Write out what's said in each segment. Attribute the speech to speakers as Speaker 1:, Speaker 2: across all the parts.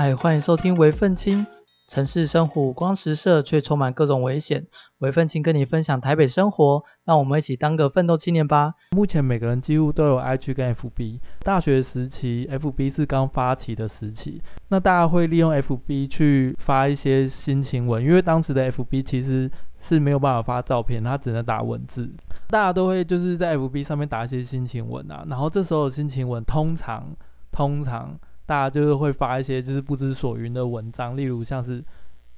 Speaker 1: 嗨，歡迎收聽《微奮青》。城市生活五光十色，卻充滿各種危險。微奮青跟你分享台北生活，讓我們一起當個奮鬥青年吧。目前每個人幾乎都有 IG 跟 FB。大學時期，FB 是剛發起的時期，那大家會利用 FB 去發一些心情文，因為當時的 FB 其實是沒有辦法發照片，它只能打文字。大家都會就是在 FB 上面打一些心情文啊，然後這時候心情文通常通常，通常大家就是會發一些就是不知所云的文章，例如像是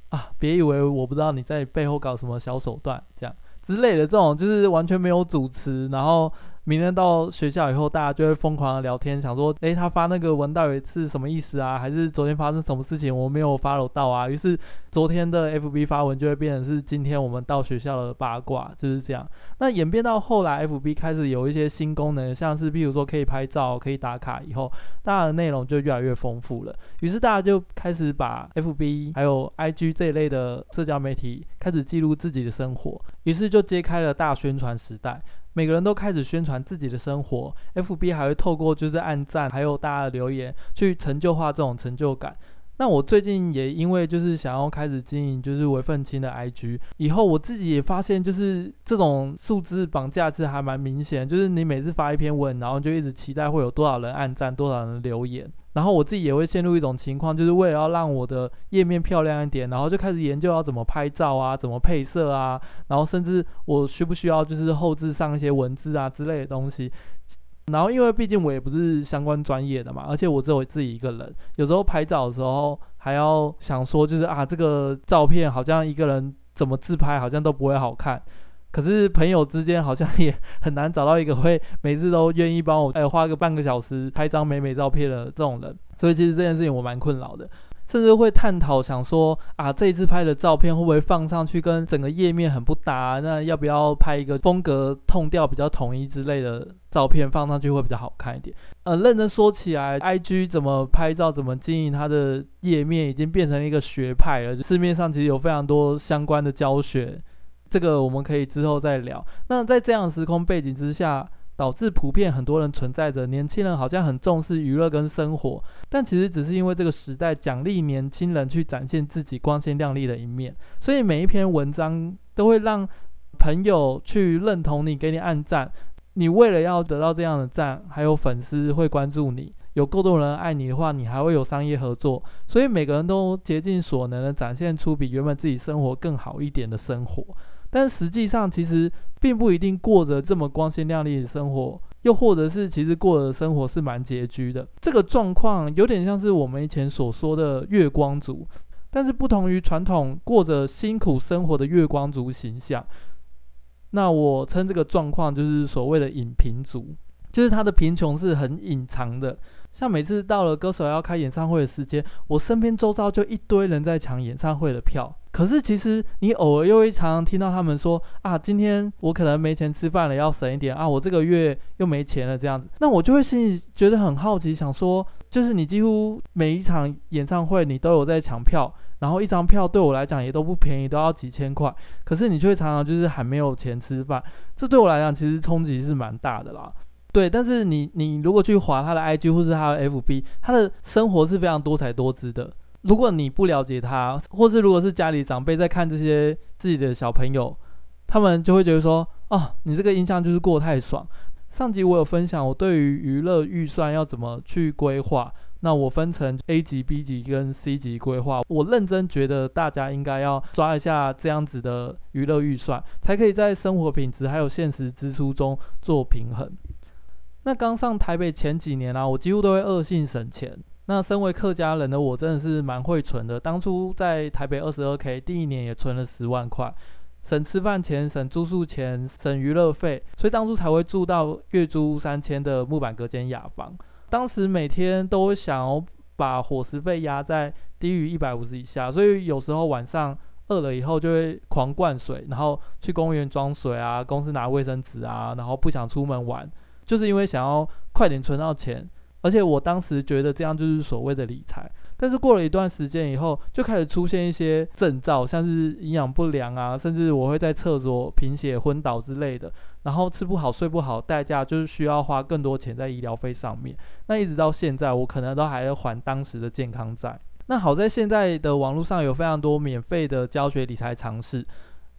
Speaker 1: 啊，別以為我不知道你在背後搞什麼小手段這樣之類的，這種就是完全沒有主旨，然後。明天到學校以後，大家就會瘋狂的聊天，想說，誒、欸，他發那個文到底是什麼意思啊？還是昨天發生什麼事情我沒有 follow 到啊？於是昨天的 FB 發文就會變成是今天我們到學校的八卦，就是這樣。那演變到後來，FB 開始有一些新功能，像是比如說可以拍照、可以打卡以後，大家的內容就越來越豐富了。於是大家就開始把 FB 還有 IG 這一類的社交媒體開始記錄自己的生活，於是就揭開了大宣傳時代。每個人都開始宣傳自己的生活，FB 還會透過就是按讚，還有大家的留言，去成就化這種成就感。那我最近也因為就是想要開始經營，就是微奮青的 IG，以後我自己也發現就是這種數字綁架制還蠻明顯，就是你每次發一篇文，然後就一直期待會有多少人按讚，多少人留言。然後我自己也會陷入一種情況，就是為了要讓我的頁面漂亮一點，然後就開始研究要怎麼拍照啊，怎麼配色啊，然後甚至我需不需要就是後製上一些文字啊之類的東西。然後因為畢竟我也不是相關專業的嘛，而且我只有自己一個人，有時候拍照的時候還要想說，就是啊，這個照片好像一個人怎麼自拍好像都不會好看。可是朋友之間好像也很難找到一個會每次都願意幫我哎、呃、花個半個小時拍張美美照片的這種人，所以其實這件事情我蠻困擾的，甚至會探討想說啊，這一次拍的照片會不會放上去跟整個頁面很不搭，啊？那要不要拍一個風格 tone 調比較統一之類的照片放上去會比較好看一點？呃，認真說起來，IG 怎麼拍照、怎麼經營它的頁面，已經變成了一個學派了。市面上其實有非常多相關的教學。這個我們可以之後再聊。那在這樣的時空背景之下，導致普遍很多人存在着，年輕人好像很重視娛樂跟生活，但其實只是因為這個時代獎勵年輕人去展現自己光鮮亮麗的一面，所以每一篇文章都會讓朋友去認同你，給你按讚。你為了要得到這樣的讚，還有粉絲會關注你，有夠多人愛你的話，你還會有商業合作。所以每個人都竭盡所能的展現出比原本自己生活更好一點的生活。但實際上，其實並不一定過着這麼光鮮亮麗的生活，又或者是其實過的生活是蠻拮據的。這個狀況有點像是我們以前所說的月光族，但是不同於傳統過着辛苦生活的月光族形象。那我稱這個狀況就是所謂的隱貧族，就是他的貧窮是很隱藏的。像每次到了歌手要開演唱會的時間，我身邊周遭就一堆人在搶演唱會的票。可是其實你偶爾又會常常聽到他們說啊，今天我可能沒錢吃飯了，要省一點啊，我這個月又沒錢了這樣子。那我就會心裡覺得很好奇，想說，就是你幾乎每一場演唱會你都有在搶票，然後一張票對我來講也都不便宜，都要幾千塊，可是你卻常常就是還沒有錢吃飯，這對我來講其實衝擊是蠻大的啦。對，但是你你如果去滑他的 IG 或者是他的 FB，他的生活是非常多彩多姿的。如果你不了解他，或是如果是家裡長輩在看這些自己的小朋友，他們就會覺得說：哦、啊，你這個印象就是過太爽。上集我有分享我對於娛樂預算要怎麼去規劃，那我分成 A 級、B 級跟 C 級規劃。我認真覺得大家應該要抓一下這樣子的娛樂預算，才可以在生活品質還有現實支出中做平衡。那剛上台北前幾年啊，我幾乎都會惡性省錢。那身為客家人的我真的是蠻會存的。當初在台北二十二 K，第一年也存了十萬塊，省吃飯錢，省住宿錢，省娛樂費，所以當初才會住到月租三千的木板隔間雅房。當時每天都會想要把伙食費壓在低於一百五十以下，所以有時候晚上餓了以後就會狂灌水，然後去公園裝水啊，公司拿衛生紙啊，然後不想出門玩，就是因為想要快點存到錢。而且我當時覺得這樣就是所謂的理財，但是過了一段時間以後，就開始出現一些症狀，像是營養不良啊，甚至我會在廁所貧血、昏倒之類的。然後吃不好、睡不好，代價就是需要花更多錢在醫療費上面。那一直到現在，我可能都還要還當時的健康債。那好在現在的網絡上有非常多免費的教學理財常識。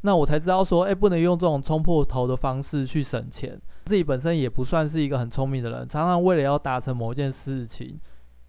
Speaker 1: 那我才知道說，哎，不能用這種衝破頭的方式去省錢。自己本身也不算是一個很聰明的人，常常為了要達成某件事情，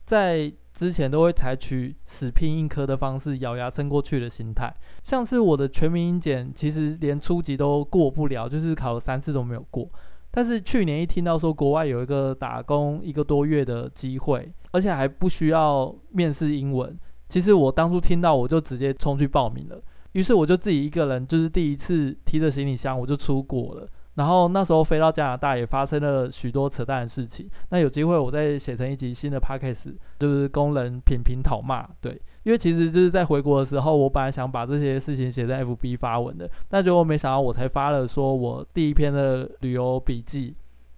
Speaker 1: 在之前都會採取死拼硬磕的方式，咬牙撐過去的心態。像是我的全民英檢，其實連初級都過不了，就是考了三次都沒有過。但是去年一聽到說國外有一個打工一個多月的機會，而且還不需要面試英文，其實我當初聽到我就直接衝去報名了。於是我就自己一個人，就是第一次提着行李箱，我就出國了。然後那時候飛到加拿大，也發生了許多扯淡的事情。那有機會，我再寫成一集新的 podcast，就是工人頻頻討罵。對，因為其實就是在回國的時候，我本來想把這些事情寫在 FB 發文的，但結果沒想到，我才發了說我第一篇的旅遊筆記，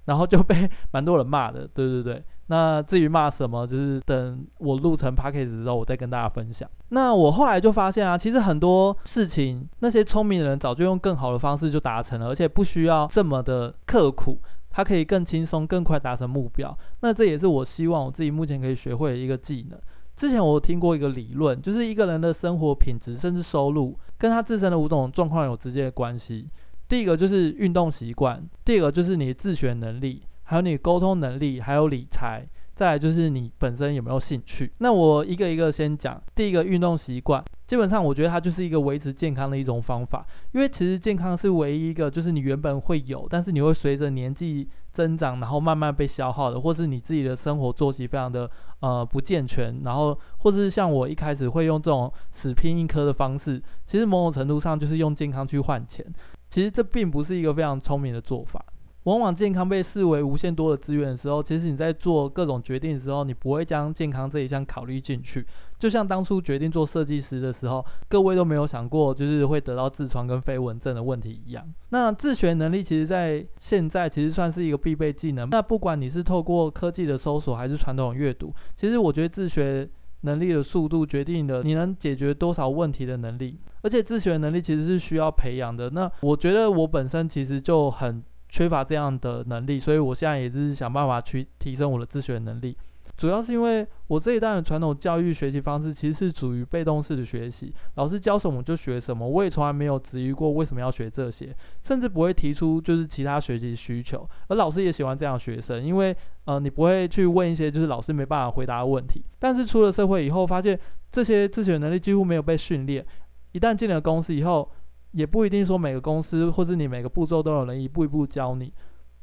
Speaker 1: 然後就被蠻多人罵的。對對對。那至於罵什麼，就是等我錄成 podcast 之後，我再跟大家分享。那我後來就發現啊，其實很多事情，那些聰明的人早就用更好的方式就達成了，而且不需要這麼的刻苦，他可以更輕鬆、更快達成目標。那這也是我希望我自己目前可以學會的一個技能。之前我聽過一個理論，就是一個人的生活品質甚至收入跟他自身的五種狀況有直接的關係。第一個就是運動習慣，第二個就是你自學能力。還有你溝通能力，還有理財，再來就是你本身有沒有興趣。那我一個一個先講。第一個運動習慣，基本上我覺得它就是一個維持健康的一種方法，因為其實健康是唯一一個就是你原本會有，但是你會隨着年紀增長，然後慢慢被消耗的，或是你自己的生活作息非常的呃不健全，然後或者是像我一開始會用這種死拚硬撐的方式，其實某種程度上就是用健康去換錢，其實這並不是一個非常聰明的做法。往往健康被視為無限多的資源的時候，其實你在做各種決定的時候，你不會將健康這一項考慮進去。就像當初決定做設計師的時候，各位都沒有想過就是會得到痔瘡跟飛蚊症的問題一樣。那自學能力其實，在現在其實算是一個必備技能。那不管你是透過科技的搜索，還是傳統的閱讀，其實我覺得自學能力的速度決定了你能解決多少問題的能力。而且自學能力其實是需要培養的。那我覺得我本身其實就很。缺乏這樣的能力，所以我現在也是想辦法去提升我的自學能力。主要是因為我這一代的傳統教育學習方式其實是屬於被動式的學習，老師教什麼就學什麼，我也從來沒有質疑過為什麼要學這些，甚至不會提出就是其他學習需求。而老師也喜歡這樣學生，因為呃你不會去問一些就是老師沒辦法回答的問題。但是出了社會以後，發現這些自學能力幾乎沒有被訓練，一旦進了公司以後。也不一定說每個公司或者你每個步驟都有人一步一步教你，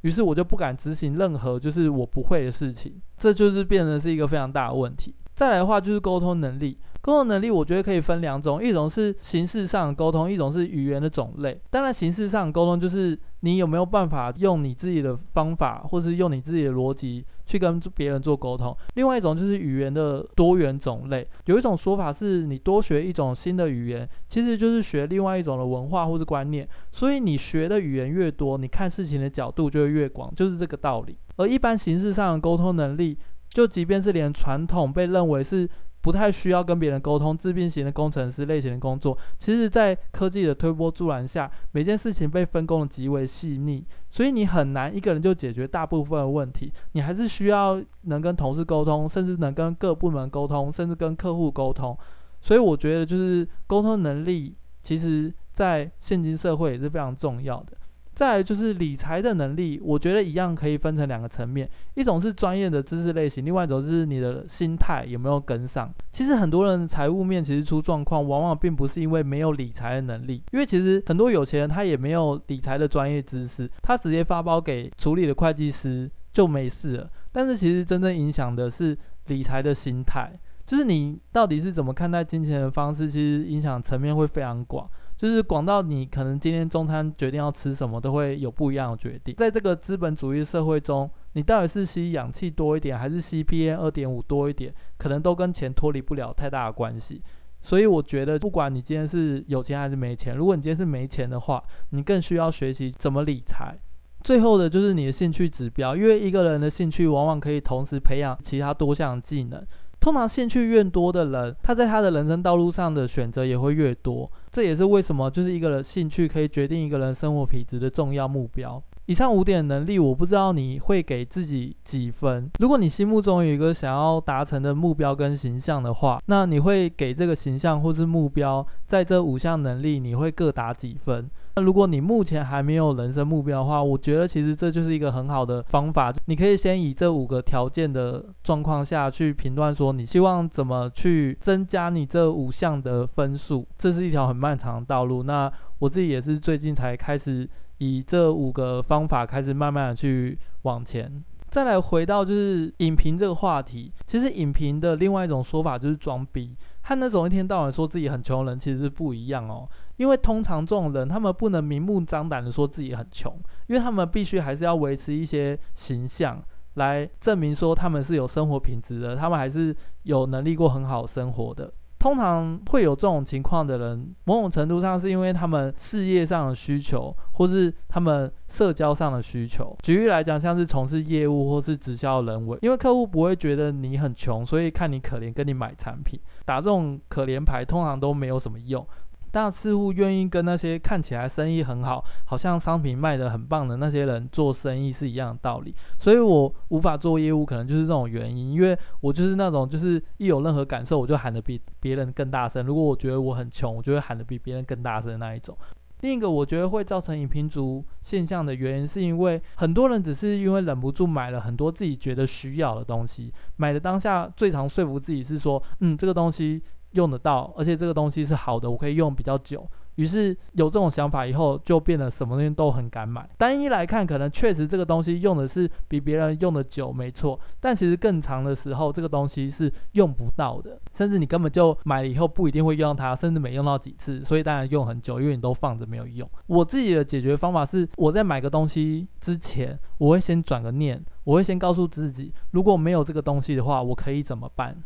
Speaker 1: 於是我就不敢執行任何就是我不會的事情，這就是變成是一個非常大的問題。再來的話就是溝通能力，溝通能力我覺得可以分兩種，一種是形式上的溝通，一種是語言的種類。當然形式上的溝通就是你有沒有辦法用你自己的方法，或者是用你自己的邏輯。去跟別人做溝通，另外一種就是語言的多元種類。有一種說法是，你多學一種新的語言，其實就是學另外一種的文化或是觀念。所以你學的語言越多，你看事情的角度就越廣，就是這個道理。而一般形式上的溝通能力，就即便是連傳統被認為是，不太需要跟別人溝通，自閉型的工程師類型的工作，其實，在科技的推波助瀾下，每件事情被分工的極為細膩，所以你很難一個人就解決大部分的問題，你還是需要能跟同事溝通，甚至能跟各部門溝通，甚至跟客戶溝通，所以我覺得就是溝通能力，其實在現今社會也是非常重要的。再來就是理財的能力，我覺得一樣可以分成兩個層面，一種是專業的知識類型，另外一種就是你的心態有沒有跟上。其實很多人財務面其實出狀況，往往並不是因為沒有理財的能力，因為其實很多有錢人他也沒有理財的專業知識，他直接發包給處理的會計師就沒事了。但是其實真正影響的是理財的心態，就是你到底是怎麼看待金錢的方式，其實影響層面會非常廣。就是廣到你可能今天中餐決定要吃什麼，都會有不一樣的決定。在這個資本主義社會中，你到底是吸氧氣多一點，還是吸 PM 二點五多一點，可能都跟錢脫離不了太大的關係。所以我覺得，不管你今天是有錢還是沒錢，如果你今天是沒錢的話，你更需要學習怎麼理財。最後的就是你的興趣指標，因為一個人的興趣往往可以同時培養其他多項技能。通常興趣越多的人，他在他的人生道路上的選擇也會越多。這也是為什麼，就是一個人興趣可以決定一個人生活品質的重要目標。以上五點的能力，我不知道你會給自己幾分。如果你心目中有一個想要達成的目標跟形象的話，那你會給這個形象或是目標在這五項能力，你會各打幾分？如果你目前還沒有人生目標的話，我覺得其實這就是一個很好的方法。你可以先以這五個條件的狀況下去評斷，說你希望怎麼去增加你這五項的分數。這是一條很漫長的道路。那我自己也是最近才開始以這五個方法開始慢慢的去往前。再來回到就是影評這個話題，其實影評的另外一種說法就是裝逼，和那種一天到晚說自己很窮的人其實是不一樣哦。因為通常這種人，他們不能明目張膽的說自己很窮，因為他們必須還是要維持一些形象，來證明說他們是有生活品質的，他們還是有能力過很好生活的。通常會有這種情況的人，某種程度上是因為他們事業上的需求，或是他們社交上的需求。舉例來講，像是從事業務或是直銷人員，因為客戶不會覺得你很窮，所以看你可憐，跟你買產品。打這種可憐牌，通常都沒有什麼用。但似乎願意跟那些看起來生意很好，好像商品賣得很棒的那些人做生意是一樣的道理，所以我無法做業務，可能就是這種原因，因為我就是那種就是一有任何感受我就喊得比別人更大聲，如果我覺得我很窮，我就會喊得比別人更大聲的那一種。另一個我覺得會造成隱貧族現象的原因，是因為很多人只是因為忍不住買了很多自己覺得需要的東西，買的當下最常說服自己是說，嗯，這個東西。用得到，而且這個東西是好的，我可以用比較久。於是有這種想法以後，就變得什麼東西都很敢買。單一來看，可能確實這個東西用的是比別人用得久，沒錯。但其實更長的時候，這個東西是用不到的，甚至你根本就買了以後不一定會用它，甚至沒用到幾次，所以當然用很久，因為你都放着沒有用。我自己的解決方法是，我在買個東西之前，我會先轉個念，我會先告訴自己，如果沒有這個東西的話，我可以怎麼辦？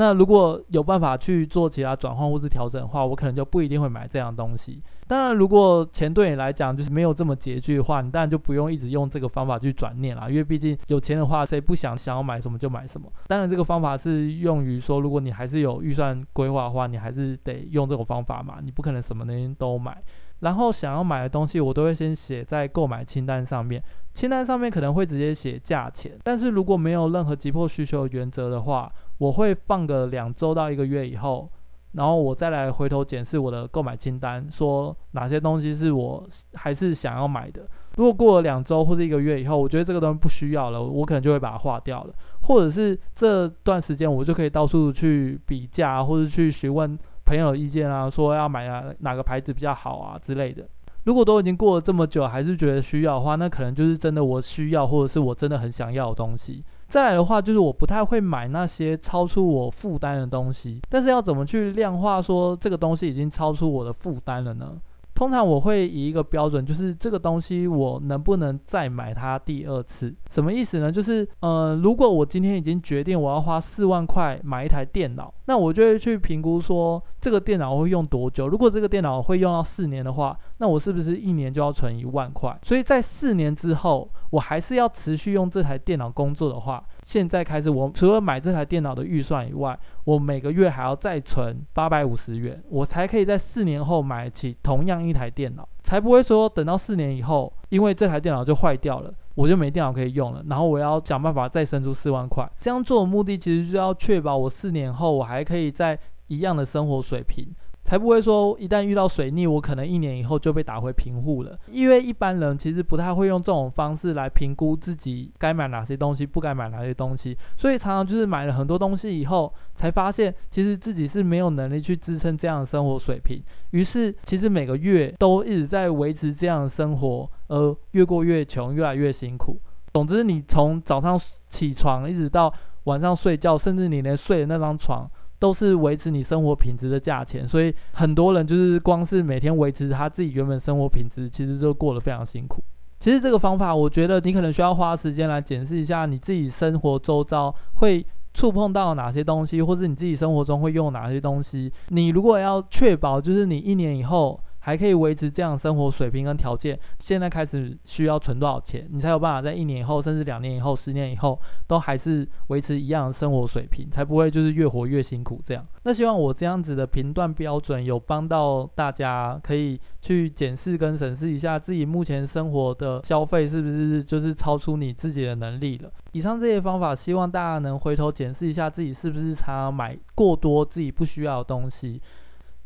Speaker 1: 那如果有辦法去做其他轉換或者調整的話，我可能就不一定會買這樣東西。當然，如果錢對你來講就是沒有這麼拮據的話，你當然就不用一直用這個方法去轉念了。因為畢竟有錢的話，誰不想想要買什麼就買什麼？當然，這個方法是用於說，如果你還是有預算規劃的話，你還是得用這種方法嘛。你不可能什麼東西都買。然後想要買的東西，我都會先寫在購買清單上面。清單上面可能會直接寫價錢，但是如果沒有任何急迫需求的原則的話。我會放個兩周到一個月以後，然後我再來回頭檢視我的購買清單，說哪些東西是我還是想要買的。如果過了兩周或者一個月以後，我覺得這個東西不需要了，我可能就會把它劃掉了，或者是這段時間我就可以到處去比價，或者去詢問朋友意見啊，說要買哪哪個牌子比較好啊之類的。如果都已經過了這麼久，還是覺得需要的話，那可能就是真的我需要，或者是我真的很想要的東西。再來的話，就是我不太會買那些超出我負擔的東西，但是要怎麼去量化說這個東西已經超出我的負擔了呢？通常我會以一個標準，就是這個東西我能不能再買它第二次？什麼意思呢？就是呃，如果我今天已經決定我要花四萬塊買一台電腦，那我就會去評估說這個電腦會用多久。如果這個電腦會用到四年的話，那我是不是一年就要存一萬塊？所以在四年之後，我還是要持續用這台電腦工作的話。現在開始，我除了買這台電腦的預算以外，我每個月還要再存八百五十元，我才可以在四年後買起同樣一台電腦，才不會說等到四年以後，因為這台電腦就壞掉了，我就沒電腦可以用了。然後我要想辦法再生出四萬塊。這樣做的目的其實就是要確保我四年後我還可以在一樣的生活水平。才不會說，一旦遇到水逆，我可能一年以後就被打回貧戶了。因為一般人其實不太會用這種方式來評估自己該買哪些東西，不該買哪些東西，所以常常就是買了很多東西以後，才發現其實自己是沒有能力去支撐這樣的生活水平。於是，其實每個月都一直在維持這樣的生活，而越過越窮，越來越辛苦。總之，你從早上起床一直到晚上睡覺，甚至你連睡的那張床。都是維持你生活品質的價錢，所以很多人就是光是每天維持他自己原本生活品質，其實就過得非常辛苦。其實這個方法，我覺得你可能需要花時間來檢視一下你自己生活周遭會觸碰到哪些東西，或是你自己生活中會用哪些東西。你如果要確保，就是你一年以後。還可以維持這樣的生活水平跟條件，現在開始需要存多少錢，你才有辦法在一年以後、甚至兩年以後、十年以後，都還是維持一樣的生活水平，才不會就是越活越辛苦這樣。那希望我這樣子的評斷標準有幫到大家，可以去檢視跟審視一下自己目前生活的消費是不是就是超出你自己的能力了。以上這些方法，希望大家能回頭檢視一下自己是不是常常買過多自己不需要的東西。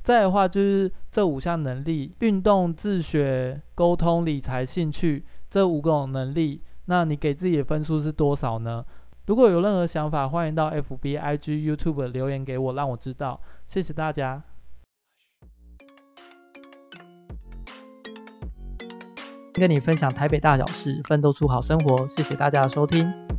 Speaker 1: 再的話就是這五項能力：運動、自學、溝通、理財、興趣這五個種能力。那你給自己的分數是多少呢？如果有任何想法，歡迎到 FB、IG、YouTube 留言給我，讓我知道。謝謝大家！跟你分享台北大小事，奮鬥出好生活。謝謝大家的收聽。